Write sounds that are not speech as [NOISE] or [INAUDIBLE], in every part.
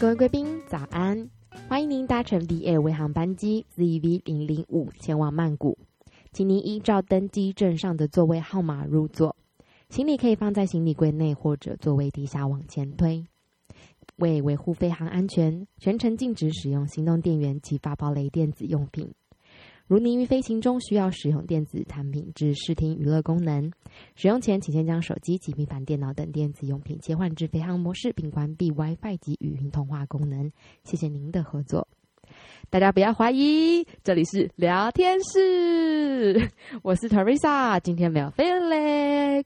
各位貴賓，早安！歡迎您搭乘 VA 微航班機 ZV 零零五前往曼谷，請您依照登機證上的座位號碼入座，行李可以放在行李櫃內或者座位底下往前推。為維護飛航安全，全程禁止使用行動電源及發報類電子用品。如您於飛行中需要使用電子產品至視聽娛樂功能，使用前請先將手機及平板電腦等電子用品切換至飛行模式，並關閉 WiFi 及語音通話功能。謝謝您的合作。大家不要懷疑，這裡是聊天室，我是 Teresa，今天沒有 Felix。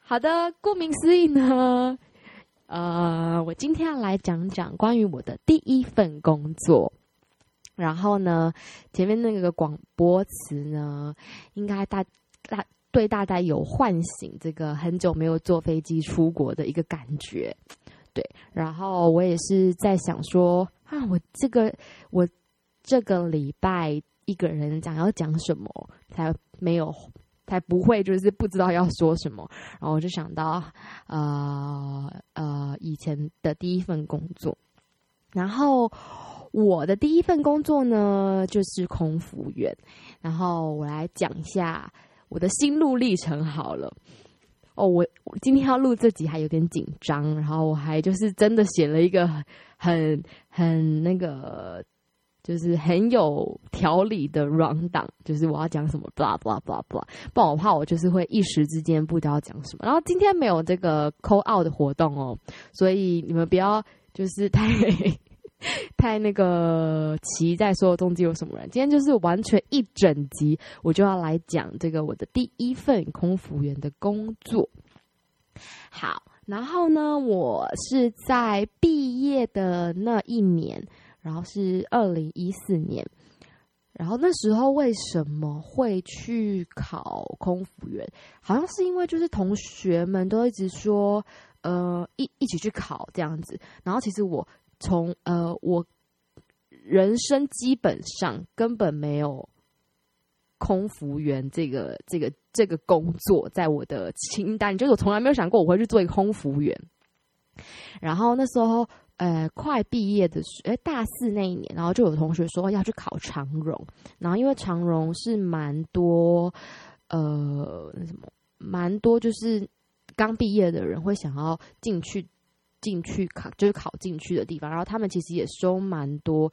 好的，顧名思義呢，呃，我今天要來講講關於我的第一份工作。然後呢，前面那個廣播詞呢，應該大，大對大家有喚醒這個很久沒有坐飛機出國的一個感覺，對。然後我也是在想說啊，我這個我這個禮拜一個人講要講什麼，才沒有才不會就是不知道要說什麼。然後我就想到，啊，呃，呃，以前的第一份工作，然後。我的第一份工作呢，就是空服員。然後我來講一下我的心路歷程好了。哦，我，我今天要錄這集還有點緊張，然後我還就是真的寫了一個很很那個，就是很有條理的 rundown 就是我要講什麼不啦，不啦，不啦，不啦，不然我怕我就是會一時之間不知道講什麼。然後今天沒有這個 call out 的活動哦，所以你們不要就是太。 [LAUGHS] 太那個奇，在所有中間有什麼人？今天就是完全一整集，我就要來講這個我的第一份空服員的工作。好，然後呢，我是在畢業的那一年，然後是二零一四年。然後那時候為什麼會去考空服員？好像是因為就是同學們都一直說，呃，一一起去考這樣子。然後其實我。從呃，我人生基本上根本沒有空服員這個這個這個工作在我的清單，就是我從來沒有想過我會去做一個空服員。然後那時候呃，快畢業的時，哎，大四那一年，然後就有同學說要去考長榮，然後因為長榮是蠻多呃那什麼，蠻多就是剛畢業的人會想要進去。進去考就是考進去的地方，然後他們其實也收蠻多，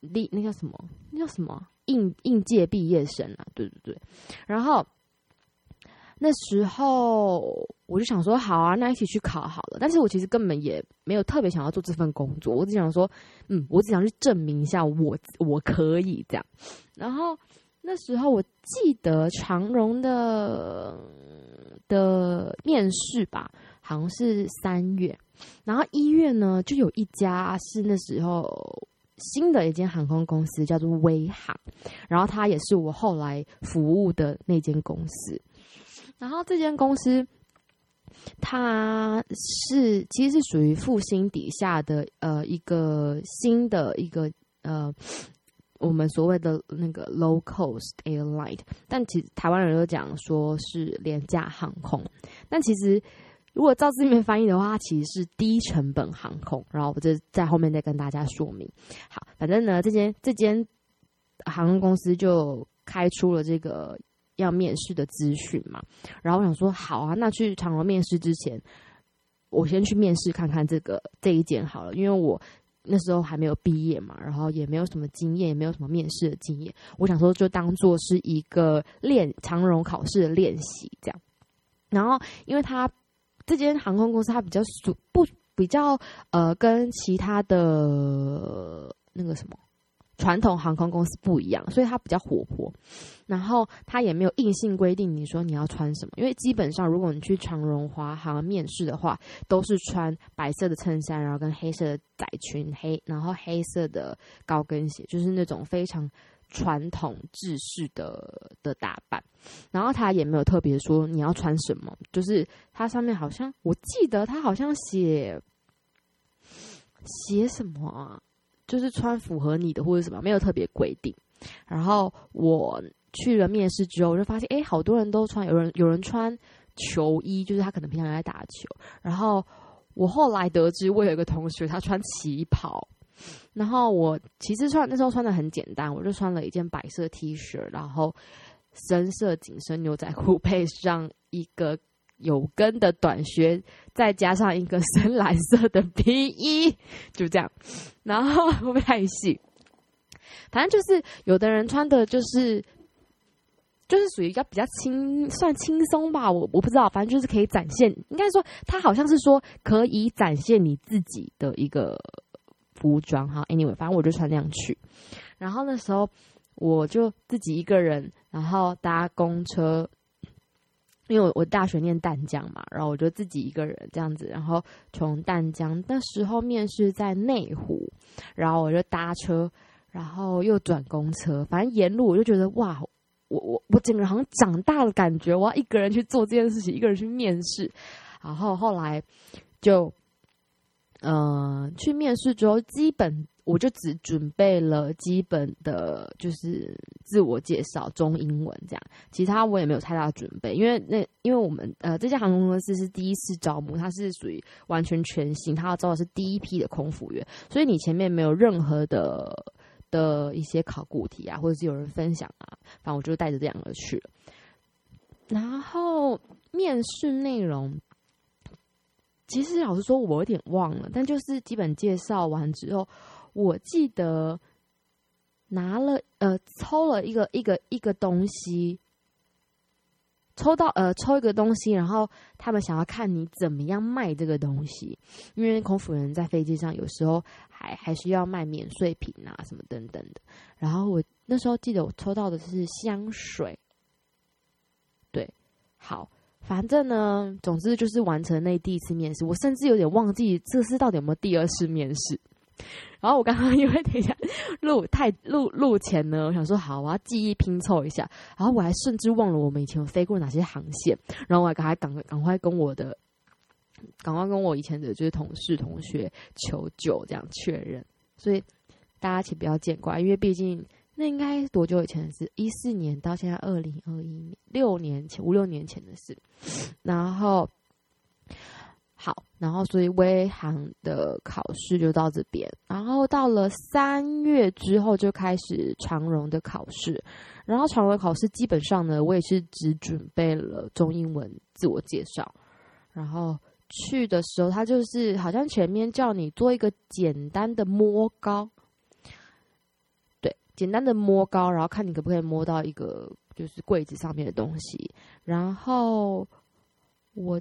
那那叫什麼？那叫什麼？應應屆畢業生啊，對對對。然後那時候我就想說，好啊，那一起去考好了。但是我其實根本也沒有特別想要做這份工作，我只想說，嗯，我只想去證明一下我我可以這樣。然後那時候我記得長榮的的面試吧。好像是三月，然後一月呢，就有一家是那時候新的一間航空公司，叫做威航，然後它也是我後來服務的那間公司。然後這間公司，它是其實是屬於復興底下的呃一個新的一個呃我們所謂的那個 low-cost airline，但其實台灣人都講說是廉價航空，但其實。如果照字面翻譯的話，他其實是低成本航空。然後我就在後面再跟大家說明。好，反正呢，這間這間航空公司就開出了這個要面試的資訊嘛。然後我想說，好啊，那去長榮面試之前，我先去面試看看這個這一間好了，因為我那時候還沒有畢業嘛，然後也沒有什麼經驗，也沒有什麼面試的經驗。我想說，就當做是一個練長榮考試的練習這樣。然後，因為他。這間航空公司它比較屬不比較呃跟其他的那個什麼傳統航空公司不一樣，所以它比較活潑。然後它也沒有硬性規定你說你要穿什麼，因為基本上如果你去長榮、華航面試的話，都是穿白色的襯衫，然後跟黑色的窄裙，黑然後黑色的高跟鞋，就是那種非常。傳統制式的的打扮，然後他也沒有特別說你要穿什麼，就是他上面好像我記得他好像寫寫什麼，啊，就是穿符合你的或者什麼，沒有特別規定。然後我去了面試之後，我就發現，哎、欸，好多人都穿，有人有人穿球衣，就是他可能平常在打球。然後我後來得知，我有一個同學他穿旗袍。然後我其實穿，那時候穿的很簡單，我就穿了一件白色 T 恤，然後深色緊身牛仔褲，配上一個有跟的短靴，再加上一個深藍色的皮衣，就這樣。然後我不太演戲，反正就是有的人穿的就是，就是屬於一個比較輕，算輕鬆吧。我我不知道，反正就是可以展現，應該說他好像是說可以展現你自己的一個。服裝哈，Anyway，反正我就穿那樣去。然後那時候我就自己一個人，然後搭公車，因為我我大學念淡江嘛，然後我就自己一個人這樣子。然後從淡江那時候面試在內湖，然後我就搭車，然後又轉公車，反正沿路我就覺得哇，我我我整個人好像長大的感覺，我要一個人去做這件事情，一個人去面試。然後後來就。呃，去面試之後，基本我就只準備了基本的，就是自我介紹、中英文這樣。其他我也沒有太大的準備，因為那因為我們呃這家航空公司是第一次招募，它是屬於完全全新，它要招的是第一批的空服員，所以你前面沒有任何的的一些考古題啊，或者是有人分享啊，反正我就帶着這兩個去了。然後面試內容。其實老實說，我有點忘了，但就是基本介紹完之後，我記得拿了呃抽了一個一個一個東西，抽到呃抽一個東西，然後他們想要看你怎麼樣賣這個東西，因為空服人在飛機上有時候還還需要賣免稅品啊什麼等等的。然後我那時候記得我抽到的是香水，對，好。反正呢，總之就是完成那第一次面試，我甚至有點忘記這次到底有沒有第二次面試。然後我剛剛因為等一下錄太錄錄前呢，我想說好，我要記憶拼湊一下。然後我還甚至忘了我們以前有飛過哪些航線，然後我還趕趕趕快跟我的，趕快跟我以前的就是同事同學求救這樣確認。所以大家請不要見怪，因為畢竟。那應該是多久以前的事？一四年到現在二零二一年，六年前五六年前的事。然後，好，然後所以微航的考試就到這邊。然後到了三月之後就開始長榮的考試。然後長榮考試基本上呢，我也是只準備了中英文自我介紹。然後去的時候，他就是好像前面叫你做一個簡單的摸高。簡單的摸高，然後看你可不可以摸到一個就是櫃子上面的東西。然後我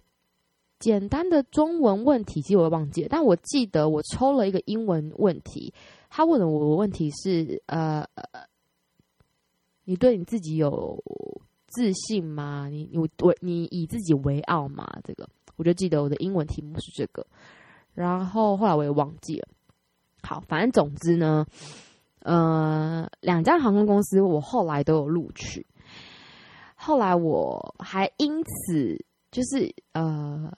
簡單的中文問題，其實我忘記了，但我記得我抽了一個英文問題。他問的我的問題是：呃呃，你對你自己有自信嗎？你你我你以自己為傲嗎？這個我就記得我的英文題目是這個。然後後來我也忘記了。好，反正總之呢。呃，兩家航空公司我後來都有錄取。後來我還因此就是呃，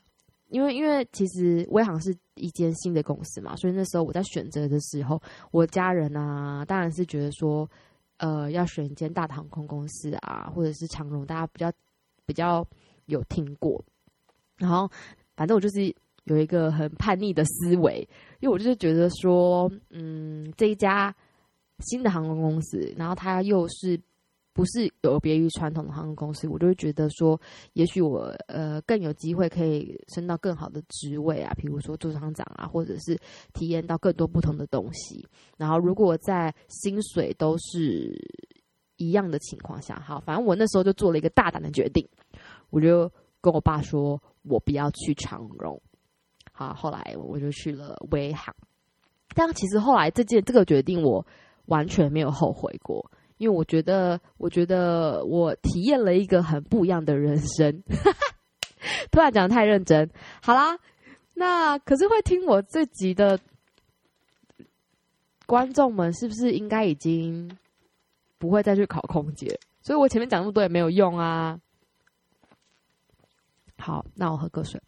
因為因為其實威航是一間新的公司嘛，所以那時候我在選擇的時候，我家人啊當然是覺得說，呃，要選一間大的航空公司啊，或者是長榮，大家比較比較有聽過。然後反正我就是有一個很叛逆的思維，因為我就是覺得說，嗯，這一家。新的航空公司，然後它又是不是有別於傳統的航空公司，我就會覺得說，也許我呃更有機會可以升到更好的職位啊，比如說做艙長啊，或者是體驗到更多不同的東西。然後如果在薪水都是一樣的情況下，好，反正我那時候就做了一個大膽的決定，我就跟我爸說我不要去長榮。好，後來我就去了威航。但其實後來這件這個決定我完全沒有後悔過，因為我覺得，我覺得我體驗了一個很不一樣的人生。 [LAUGHS] 突然講得太認真，好啦，那可是會聽我這集的觀眾們，是不是應該已經不會再去考空姐？所以我前面講那麼多也沒有用啊。好，那我喝個水。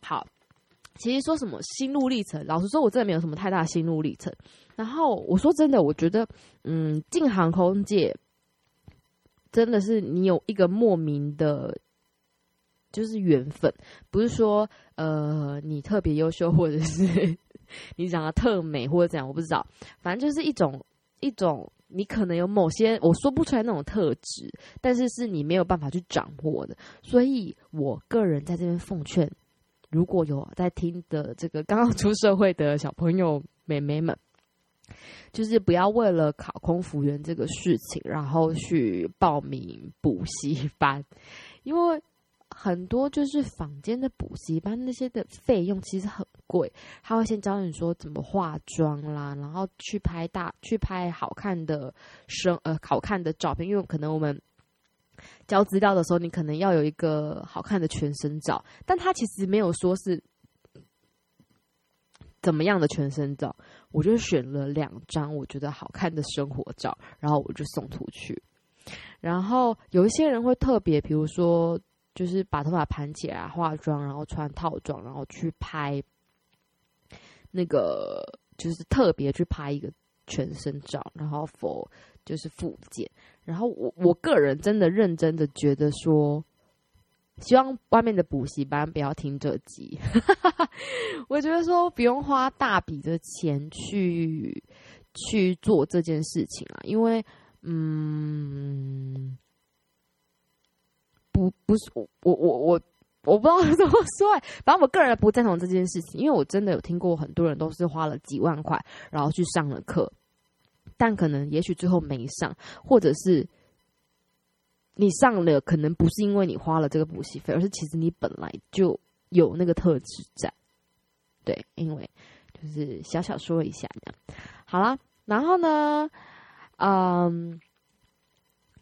好。其實說什麼心路歷程，老實說，我真的沒有什麼太大的心路歷程。然後我說真的，我覺得，嗯，進航空界真的是你有一個莫名的，就是緣分，不是說呃你特別優秀，或者是你長得特美或者怎樣，我不知道。反正就是一種一種，你可能有某些我說不出來那種特質，但是是你沒有辦法去掌握的。所以我個人在這邊奉勸。如果有在聽的這個剛剛出社會的小朋友妹妹們，就是不要為了考空服員這個事情，然後去報名補習班，因為很多就是坊間的補習班那些的費用其實很貴。他會先教你說怎麼化妝啦，然後去拍大去拍好看的生呃好看的照片，因為可能我們。交資料的時候，你可能要有一個好看的全身照，但他其實沒有說是怎麼樣的全身照，我就選了兩張我覺得好看的生活照，然後我就送出去。然後有一些人會特別，比如說就是把頭髮盤起來，化妝，然後穿套裝，然後去拍那個，就是特別去拍一個。全身照，然後否，就是附件。然後我我個人真的認真的覺得說，希望外面的補習班不要聽這集。 [LAUGHS] 我覺得說不用花大筆的錢去去做這件事情啊，因為嗯，不不是我我我我。我我我不知道怎麼說欸，反正我個人不贊同這件事情，因為我真的有聽過很多人都是花了幾萬塊，然後去上了課，但可能也許最後沒上，或者是你上了，可能不是因為你花了這個補習費，而是其實你本來就有那個特質在。對，因為就是小小說一下，好啦，然後呢，嗯。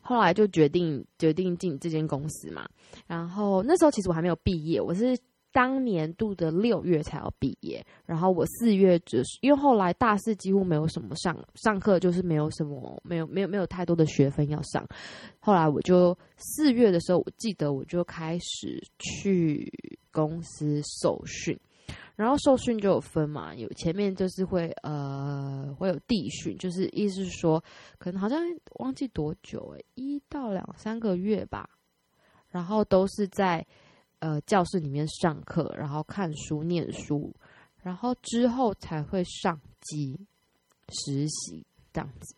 後來就決定決定進這間公司嘛，然後那時候其實我還沒有畢業，我是當年度的六月才要畢業，然後我四月就因為後來大四幾乎沒有什麼上上課，就是沒有什麼沒有沒有沒有太多的學分要上，後來我就四月的時候，我記得我就開始去公司受訓。然後受訓就有分嘛，有前面就是會呃會有地訓，就是意思是說，可能好像忘記多久，欸、一到兩三個月吧。然後都是在呃教室裡面上課，然後看書念書，然後之後才會上機實習這樣子。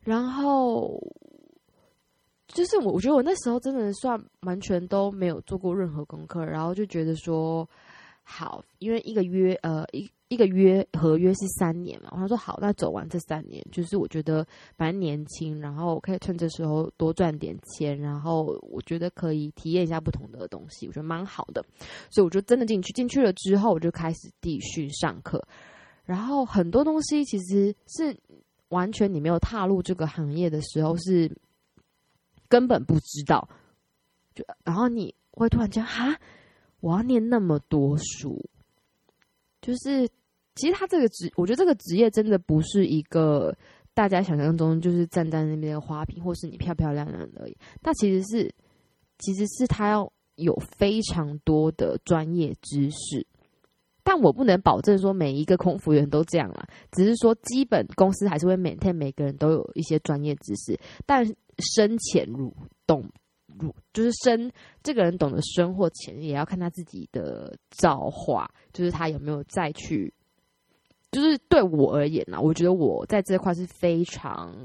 然後就是我我覺得我那時候真的算完全都沒有做過任何功課，然後就覺得說。好，因為一個約呃一一個約合約是三年嘛，我想說好，那走完這三年，就是我覺得蠻年輕，然後可以趁這時候多賺點錢，然後我覺得可以體驗一下不同的東西，我覺得蠻好的，所以我就真的進去進去了之後，我就開始繼續上課，然後很多東西其實是完全你沒有踏入這個行業的時候是根本不知道，就然後你會突然間哈。我要念那麼多書，就是其實他這個職，我覺得這個職業真的不是一個大家想象中就是站在那邊的花瓶，或是你漂漂亮亮而已。但其實是，其實是他要有非常多的專業知識。但我不能保證說每一個空服員都這樣啦，只是說基本公司還是會 maintain 每個人都有一些專業知識，但深淺如洞。就是生，這個人懂得生或錢，也要看他自己的造化。就是他有沒有再去，就是對我而言呢、啊，我覺得我在這塊是非常、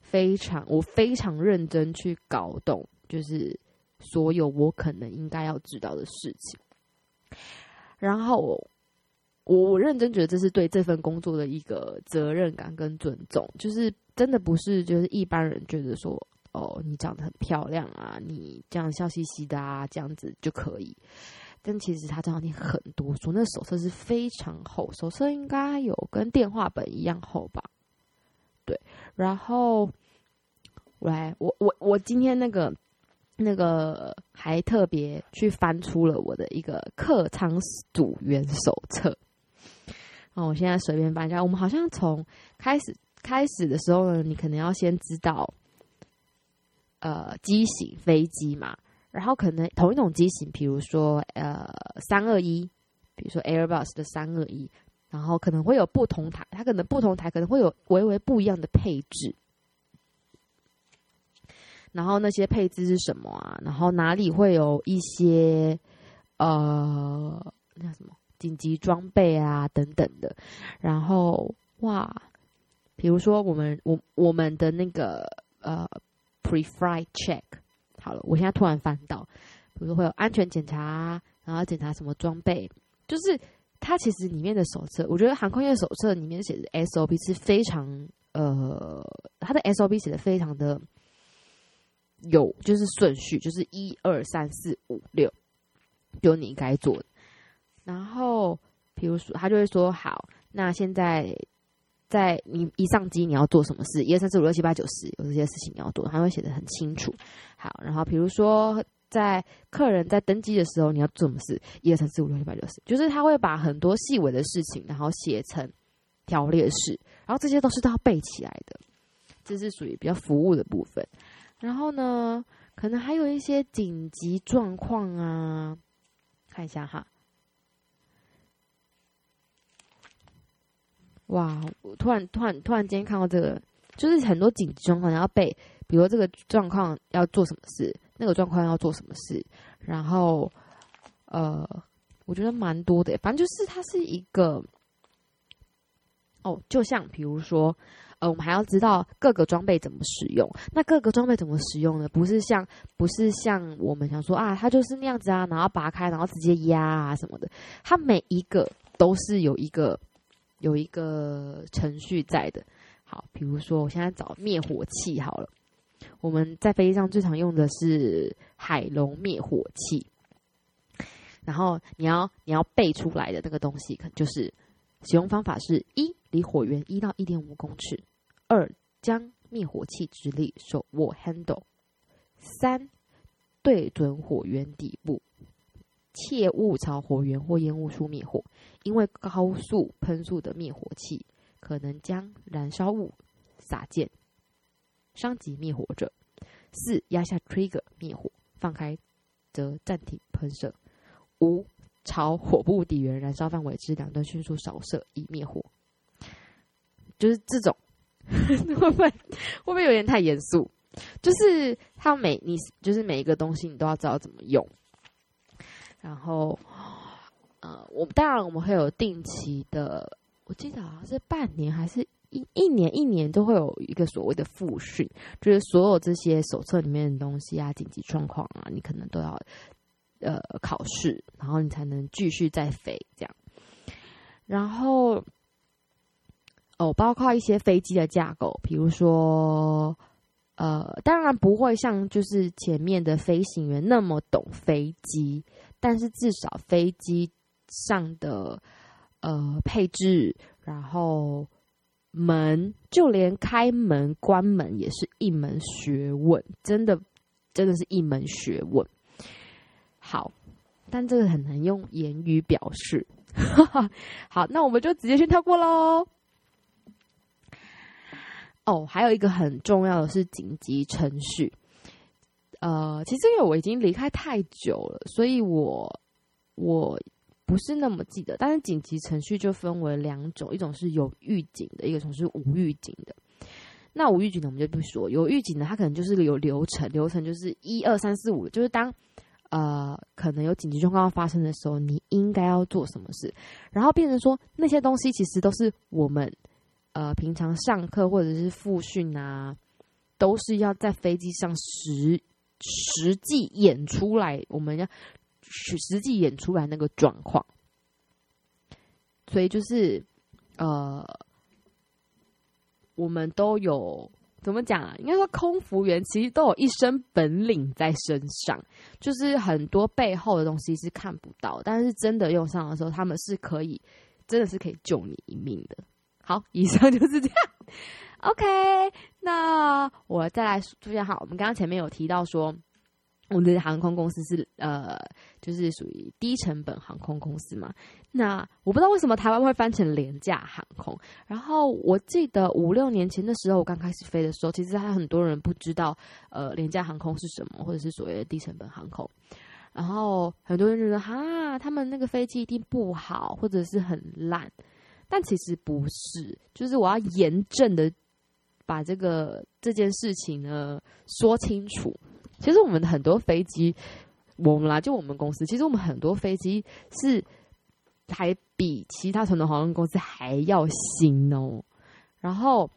非常，我非常認真去搞懂，就是所有我可能應該要知道的事情。然後，我我認真覺得這是對這份工作的一個責任感跟尊重，就是真的不是，就是一般人覺得說。哦，你長得很漂亮啊！你這樣笑嘻嘻的啊，這樣子就可以。但其實他這兩天很多說，那手冊是非常厚，手冊應該有跟電話本一樣厚吧？對。然後，來，我我我今天那個那個還特別去翻出了我的一個客艙組員手冊。那，我現在隨便翻一下。我們好像從開始開始的時候呢，你可能要先知道。呃，機型飛機嘛，然後可能同一種機型，比如說呃，三二一，比如說 Airbus 的三二一，然後可能會有不同台，它可能不同台可能會有微微不一樣的配置。然後那些配置是什麼啊？然後哪裡會有一些呃，那什麼緊急裝備啊等等的？然後哇，比如說我們我我們的那個呃。Pre-flight check，好了，我現在突然翻到，比如說會有安全檢查，然後要檢查什麼裝備，就是它其實裡面的手冊，我覺得航空業手冊裡面寫的 SOP 是非常呃，它的 SOP 寫的非常的有，就是順序，就是一二三四五六，就你應該做的。然後，比如說他就會說：“好，那現在。”在你一上機，你要做什麼事？一、二、三、四、五、六、七、八、九、十，有這些事情你要做，他會寫的很清楚。好，然後比如說，在客人在登機的時候，你要做什麼事？一、二、三、四、五、六、七、八、九、十，就是他會把很多細微的事情，然後寫成條列式，然後這些都是他要背起來的，這是屬於比較服務的部分。然後呢，可能還有一些緊急狀況啊，看一下哈。哇！我突然突然突然間看到這個，就是很多緊急狀況要背，比如這個狀況要做什麼事，那個狀況要做什麼事，然後呃，我覺得蠻多的，欸。反正就是它是一個哦，就像比如說，呃，我們還要知道各個裝備怎麼使用。那各個裝備怎麼使用呢？不是像不是像我們想說啊，它就是那樣子啊，然後拔開，然後直接壓啊什麼的。它每一個都是有一個。有一個程序在的，好，比如說我現在找滅火器好了。我們在飛機上最常用的是海龍滅火器，然後你要你要背出來的那個東西，可就是使用方法是：一離火源一到一點五公尺；二將滅火器直立，手握 handle；三對準火源底部。切勿朝火源或煙霧處滅火，因為高速噴射的滅火器可能將燃燒物撒濺，傷及滅火者。四，壓下 trigger 滅火，放開則暫停噴射。五，朝火部底緣燃燒範圍之兩端迅速掃射以滅火。就是這種， [LAUGHS] 會不會會不會有點太嚴肅？就是他每你就是每一個東西，你都要知道怎麼用。然後，呃，我當然我們會有定期的，我記得好像是半年還是一一年，一年都會有一個所謂的復訓，就是所有這些手冊裡面的東西啊，緊急狀況啊，你可能都要呃考試，然後你才能繼續再飛這樣。然後，哦，包括一些飛機的架構，比如說，呃，當然不會像就是前面的飛行員那麼懂飛機。但是至少飛機上的呃配置，然後門，就連開門關門也是一門學問，真的真的是一門學問。好，但這個很難用言語表示。 [LAUGHS] 好，那我們就直接先跳過嘍。哦，還有一個很重要的是緊急程序。呃，其實因為我已經離開太久了，所以我我不是那麼記得。但是緊急程序就分為兩種，一種是有預警的，一種是無預警的。那無預警的我們就不說。有預警的它可能就是有流程，流程就是一二三四五，就是當呃可能有緊急狀況發生的時候，你應該要做什麼事。然後變成說，那些東西其實都是我們呃平常上課或者是復訓啊，都是要在飛機上實。實際演出來，我們要去實際演出來那個狀況，所以就是呃，我們都有怎麼講啊？應該說空服員其實都有一身本領在身上，就是很多背後的東西是看不到，但是真的用上的時候，他們是可以，真的是可以救你一命的。好，以上就是這樣。OK，那我再來說一下哈。我們剛剛前面有提到說，我們的航空公司是呃，就是屬於低成本航空公司嘛。那我不知道為什麼台灣會翻成廉價航空。然後我記得五六年前的時候，我剛開始飛的時候，其實還很多人不知道呃廉價航空是什麼，或者是所謂的低成本航空。然後很多人覺得哈、啊，他們那個飛機一定不好，或者是很爛。但其實不是，就是我要嚴正的。把這個這件事情呢說清楚。其實我們很多飛機，我們啦，就我們公司，其實我們很多飛機是還比其他傳統航空公司還要新哦。然後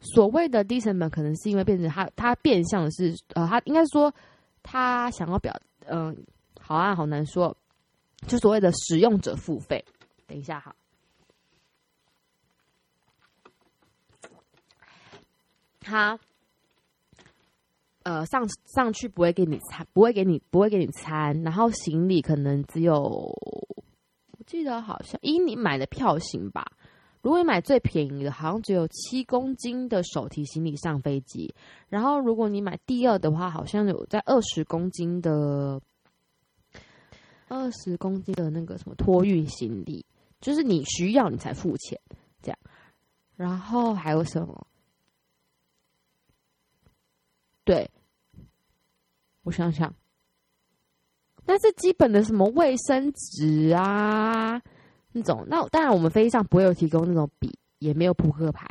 所謂的低成本，可能是因為變成他他變相的是呃，他應該說他想要表嗯、呃，好啊，好難說，就所謂的使用者付費。等一下好。他 Huh? 呃，上上去不會給你餐，不會給你，不會給你餐。然後行李可能只有，我記得好像依你買的票型吧。如果你買最便宜的，好像只有七公斤的手提行李上飛機。然後如果你買第二的話，好像有在二十公斤的，二十公斤的那個什麼托運行李，就是你需要你才付錢這樣。然後還有什麼？對，我想想，那是基本的什麼衛生紙啊那種。那當然，我們飛機上不會有提供那種筆，也沒有撲克牌。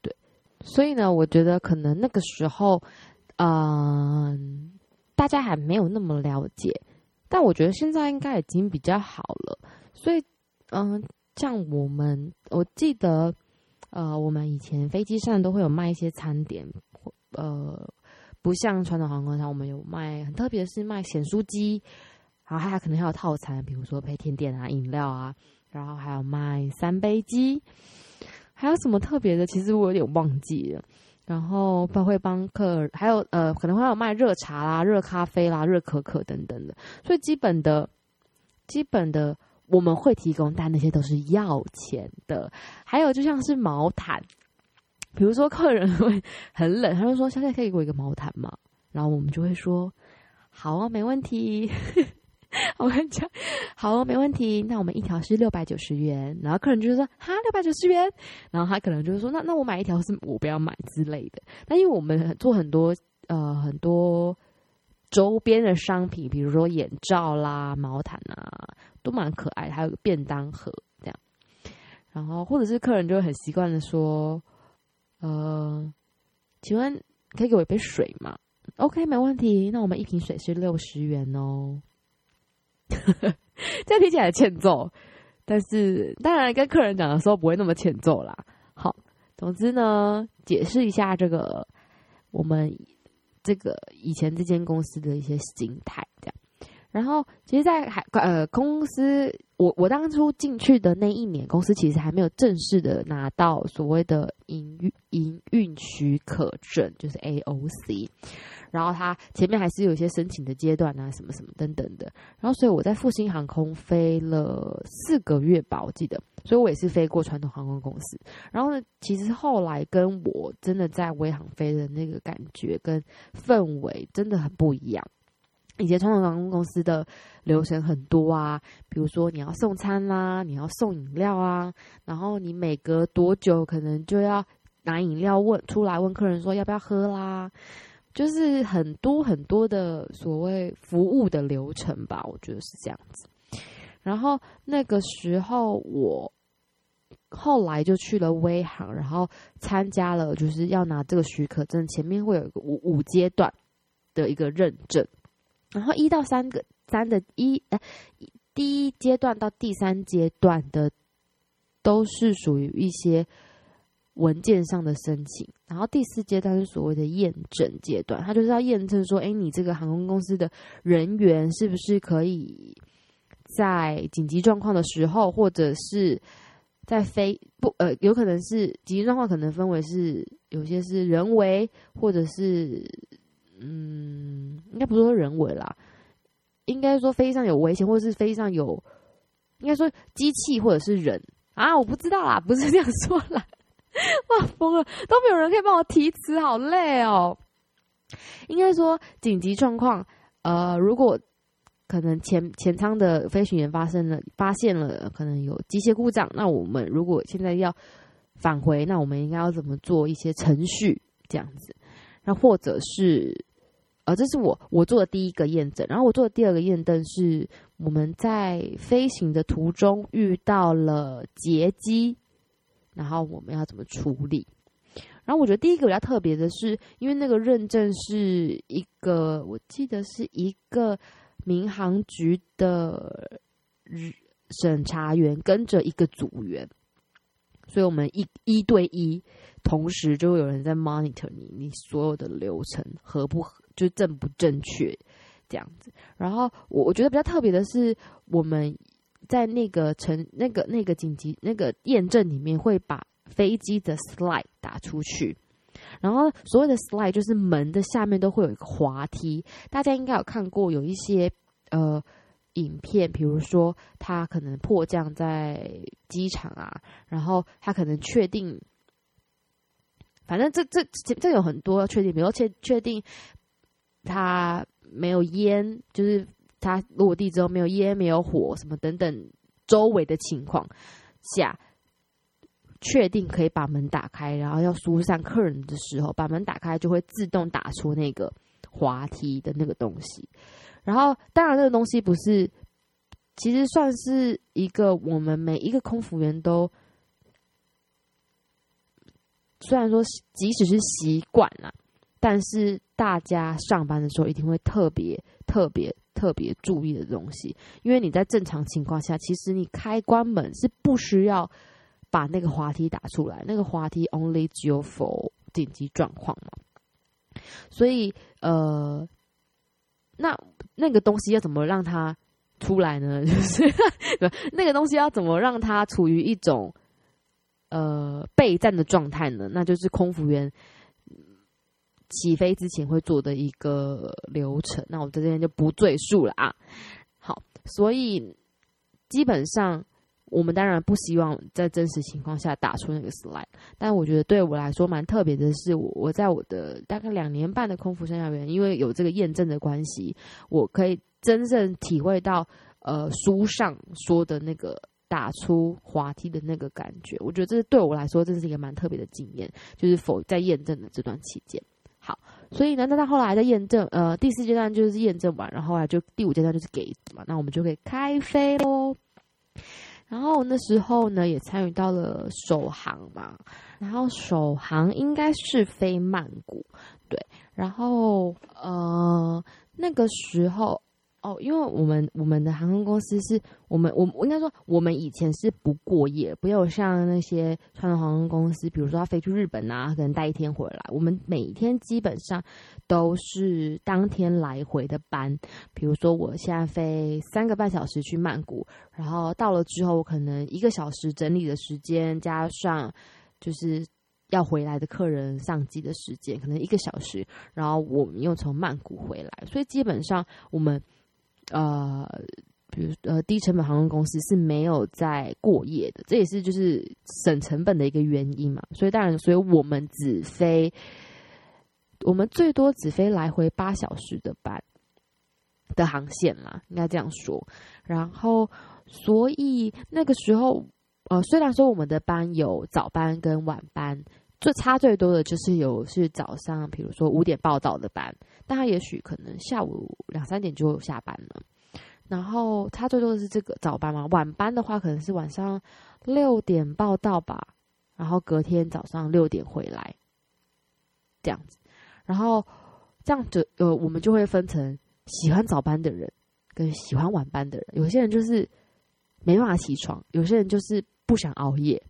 對，所以呢，我覺得可能那個時候，嗯、呃，大家還沒有那麼了解。但我覺得現在應該已經比較好了。所以，嗯、呃，像我們，我記得，呃，我們以前飛機上都會有賣一些餐點。呃，不像傳統航空公司，我們有賣很特別是賣鹹酥雞，然後還可能還有套餐，比如說配甜點啊、飲料啊，然後還有賣三杯雞，還有什麼特別的？其實我有點忘記了。然後他會幫客還有呃，可能會有賣熱茶啦、熱咖啡啦、熱可可等等的。所以基本的、基本的我們會提供，但那些都是要錢的。還有就像是毛毯。比如說客人會很冷，他就說：“小姐可以給我一個毛毯嗎？”然後我們就會說：“好啊，沒問題。呵呵”我跟你講，好啊，沒問題。那我們一條是六百九十元，然後客人就會說：“哈，六百九十元。”然後他可能就會說：“那那我買一條，是我不要買之類的。”那因為我們做很多呃很多周邊的商品，比如說眼罩啦、毛毯啊，都蠻可愛。還有個便當盒這樣，然後或者是客人就會很習慣的說。呃，請問可以給我一杯水嗎？OK，沒問題。那我們一瓶水是六十元哦。 [LAUGHS] 這樣聽起來欠揍，但是當然跟客人講的時候不會那麼欠揍啦。好，總之呢，解釋一下這個我們這個以前這間公司的一些心態這樣。然後，其實在還，在海，呃，公司，我我當初進去的那一年，公司其實還沒有正式的拿到所謂的營運。營運許可證就是 AOC，然後它前面還是有一些申請的階段啊，什麼什麼等等的。然後所以我在復興航空飛了四個月吧，我記得，所以我也是飛過傳統航空公司。然後呢，其實後來跟我真的在威航飛的那個感覺跟氛圍真的很不一樣，以前傳統航空公司的流程很多啊，比如說你要送餐啦，你要送飲料啊，然後你每隔多久可能就要。拿飲料問出來問客人說要不要喝啦，就是很多很多的所謂服務的流程吧，我覺得是這樣子。然後那個時候我後來就去了威航，然後參加了就是要拿這個許可證，前面會有一個五五階段的一個認證，然後一到三個三的一哎、呃、第一階段到第三階段的都是屬於一些。文件上的申請，然後第四階段是所謂的驗證階段，他就是要驗證說：哎、欸，你這個航空公司的人員是不是可以在緊急狀況的時候，或者是在飛不呃，有可能是緊急狀況，可能分為是有些是人為，或者是嗯，應該不是說人為啦，應該說飛機上有危險，或者是飛機上有應該說機器或者是人啊，我不知道啦，不是這樣說啦。 [LAUGHS] 哇，瘋了！都沒有人可以幫我提詞，好累哦。應該說緊急狀況，呃，如果可能前前艙的飛行員發生了發現了可能有機械故障，那我們如果現在要返回，那我們應該要怎麼做一些程序這樣子？那或者是，呃，這是我我做的第一個驗證，然後我做的第二個驗證是我們在飛行的途中遇到了劫機。然後我們要怎麼處理？然後我覺得第一個比較特別的是，因為那個認證是一個，我記得是一個民航局的審查員跟着一個組員，所以我們一一對一，同時就會有人在 monitor 你，你所有的流程合不合，就正不正確這樣子。然後我我覺得比較特別的是我們。在那個乘，那個那個緊急那個驗證裡面，會把飛機的 slide 打出去，然後所謂的 slide 就是門的下面都會有一個滑梯，大家應該有看過有一些呃影片，比如說他可能迫降在機場啊，然後他可能確定，反正這這這有很多確定，比如確確定他沒有煙，就是。它落地之後沒有煙、沒有火什麼等等周圍的情況下，確定可以把門打開，然後要疏散客人的時候，把門打開就會自動打出那個滑梯的那個東西。然後當然那個東西不是，其實算是一個我們每一個空服員都，雖然說即使是習慣了，但是大家上班的時候一定會特別特別。特別注意的東西，因為你在正常情況下，其實你開關門是不需要把那個滑梯打出來，那個滑梯 only use for 緊急狀況嘛。所以，呃，那那個東西要怎麼讓它出來呢？就是 [LAUGHS] 那個東西要怎麼讓它處於一種呃備戰的狀態呢？那就是空服員。起飛之前會做的一個流程，那我在這邊就不贅述了啊。好，所以基本上我們當然不希望在真實情況下打出那個 slide，但我覺得對我來說蠻特別的是，我我在我的大概兩年半的空服生涯裡面，因為有這個驗證的關係，我可以真正體會到呃書上說的那個打出滑梯的那個感覺。我覺得這是對我來說，這是一個蠻特別的經驗，就是否在驗證的這段期間。好，所以呢，那他後來在驗證，呃，第四階段就是驗證完，然後啊，就第五階段就是給嘛，那我們就可以開飛嘍。然後那時候呢，也參與到了首航嘛，然後首航應該是飛曼谷，對，然後呃，那個時候。哦，因為我們我們的航空公司是我們我，我應該說我們以前是不過夜，不要像那些傳統航空公司，比如說他飛去日本啊，可能待一天回來。我們每一天基本上都是當天來回的班，比如說我現在飛三個半小時去曼谷，然後到了之後，我可能一個小時整理的時間，加上就是要回來的客人上機的時間，可能一個小時，然後我們又從曼谷回來，所以基本上我們。呃，比如呃，低成本航空公司是沒有在過夜的，這也是就是省成本的一個原因嘛。所以當然，所以我們只飛，我們最多只飛來回八小時的班的航線嘛，應該這樣說。然後，所以那個時候，呃，雖然說我們的班有早班跟晚班。最差最多的就是有是早上，比如說五點報到的班，但他也許可能下午兩三點就下班了。然後差最多的是這個早班嘛，晚班的話可能是晚上六點報到吧，然後隔天早上六點回來，這樣子。然後這樣子呃，我們就會分成喜歡早班的人跟喜歡晚班的人。有些人就是沒辦法起床，有些人就是不想熬夜。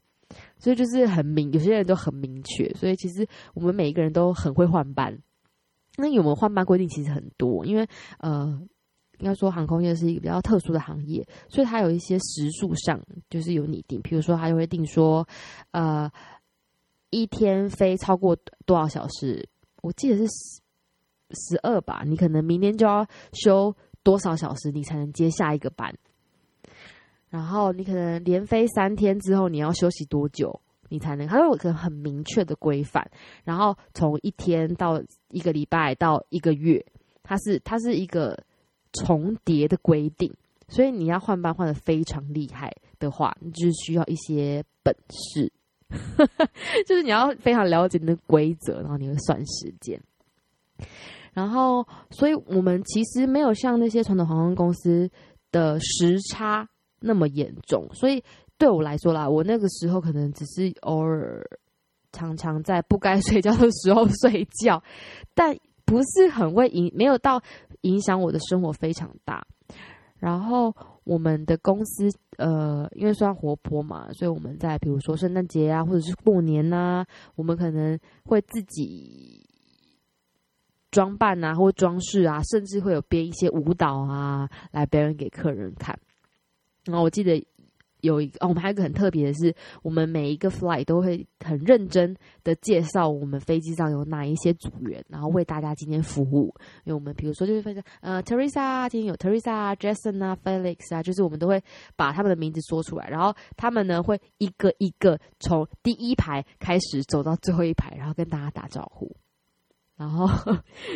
所以就是很明，有些人都很明確。所以其實我們每一個人都很會換班。那有沒有換班規定？其實很多，因為呃，應該說航空業是一個比較特殊的行業，所以它有一些時數上就是有擬定。比如說，它就會定說，呃，一天飛超過多少小時？我記得是十十二吧。你可能明天就要休多少小時，你才能接下一個班？然後你可能連飛三天之後，你要休息多久，你才能？它有個很明確的規範，然後從一天到一個禮拜到一個月，它是它是一個重疊的規定。所以你要換班換得非常厲害的話，你就是需要一些本事， [LAUGHS] 就是你要非常了解你的規則，然後你要算時間。然後，所以我們其實沒有像那些傳統航空公司的時差那麼嚴重，所以對我來說啦，我那個時候可能只是偶爾常常在不該睡覺的時候睡覺，但不是很會影，沒有到影響我的生活非常大。然後我們的公司呃，因為算活潑嘛，所以我們在比如說聖誕節啊，或者是過年吶、啊，我們可能會自己裝扮啊，或裝飾啊，甚至會有編一些舞蹈啊來表演給客人看。然後我記得有一個、哦，我們還有一個很特別的是，我們每一個 fly 都會很認真的介紹我們飛機上有哪一些組員，然後為大家今天服務。嗯、因為我們比如說就是分享。呃，Teresa 今天有 Teresa、Jason 啊、Felix 啊，就是我們都會把他們的名字說出來，然後他們呢會一個一個從第一排開始走到最後一排，然後跟大家打招呼。然後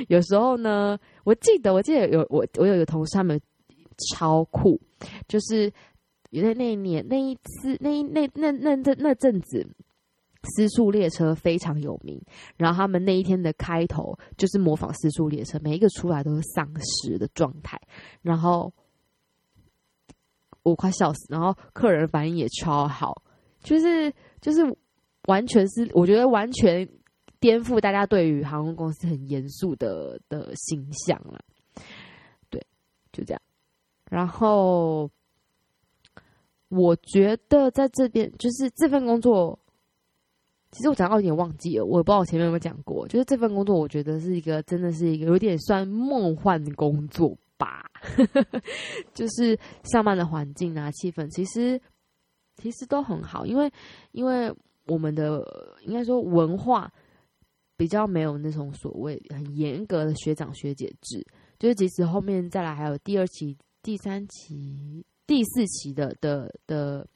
有時候呢，我記得我記得有我我有一個同事他們。超酷！就是在那,那一年、那一次、那一那那那那那陣子，屍速列車非常有名。然後他們那一天的開頭就是模仿屍速列車，每一個出來都是喪屍的狀態。然後我快笑死！然後客人反應也超好，就是就是完全是我覺得完全顛覆大家對於航空公司很嚴肅的的形象了。對，就這樣。然後，我覺得在這邊就是這份工作，其實我講到有點忘記了，我也不知道我前面有沒有講過。就是這份工作，我覺得是一個真的是一個有點算夢幻的工作吧， [LAUGHS] 就是上班的環境啊、氣氛，其實其實都很好，因為因為我們的應該說文化比較沒有那種所謂很嚴格的學長學姐制，就是即使後面再來還有第二期。第三期、第四期，的的的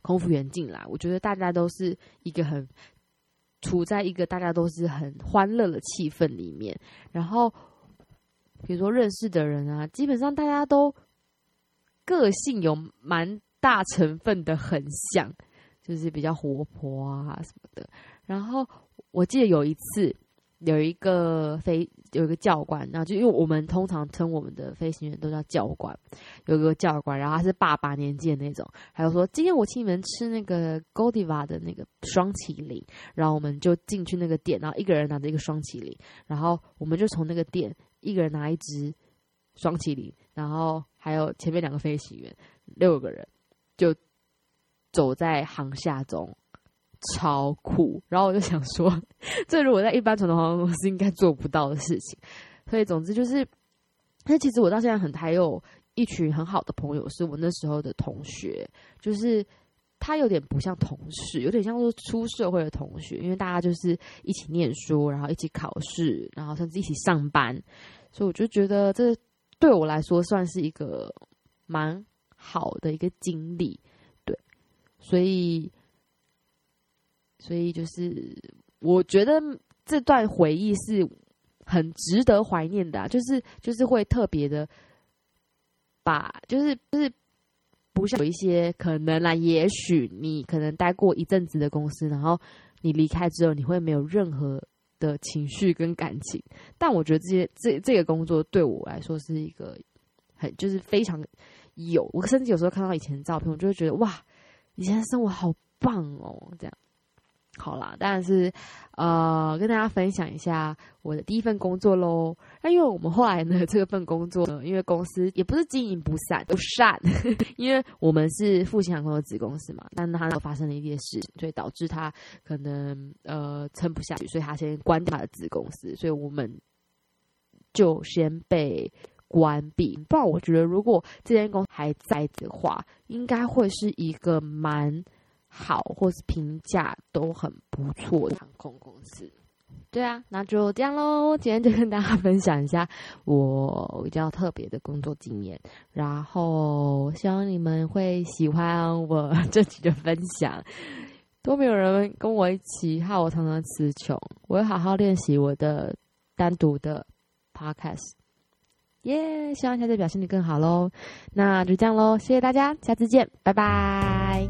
空服員進來，我覺得大家都是一個很處在一個大家都是很歡樂的氣氛裡面。然後，比如說認識的人啊，基本上大家都個性有蠻大成分的很像，就是比較活潑啊什麼的。然後我記得有一次。有一個飛有一個教官，然後就因為我們通常稱我們的飛行員都叫教官，有一個教官，然後他是爸爸年紀的那種，還有說，今天我請你們吃那個 Godiva 的那個霜淇淋，然後我們就進去那個店，然後一個人拿着一個霜淇淋，然後我們就從那個店一個人拿一只霜淇淋，然後還有前面兩個飛行員六個人就走在航廈中。超酷！然後我就想說，這如果在一般傳統航空公司應該做不到的事情。所以，總之就是，但是其實我到現在很還有一群很好的朋友，是我那時候的同學。就是他有點不像同事，有點像說出社會的同學，因為大家就是一起念書，然後一起考試，然後甚至一起上班。所以我就覺得這對我來說算是一個蠻好的一個經歷。對，所以。所以就是，我覺得這段回憶是很值得懷念的啊，就是就是會特別的把，就是就是不像有一些可能啦，也許你可能待過一陣子的公司，然後你離開之後，你會沒有任何的情緒跟感情。但我覺得這些這這個工作對我來說是一個很就是非常有，我甚至有時候看到以前的照片，我就會覺得哇，以前的生活好棒哦，這樣。好啦，當然是，呃，跟大家分享一下我的第一份工作嘍。那因為我們後來呢，這個、份工作呢，因為公司也不是經營不善，不善， [LAUGHS] 因為我們是父親航空的子公司嘛，但它發生了一些事情，所以導致它可能呃撐不下去，所以它先關掉他的子公司，所以我們就先被關閉。不然我覺得，如果這間公司還在的話，應該會是一個蠻。好，或是評價都很不錯的航空公司。對啊，那就這樣嘍。今天就跟大家分享一下我比較特別的工作經驗，然後希望你們會喜歡我這期的分享。都沒有人跟我一起，害我常常詞窮。我要好好練習我的單獨的 podcast。耶，yeah，希望下次表現得更好嘍。那就這樣嘍，謝謝大家，下次見，拜拜。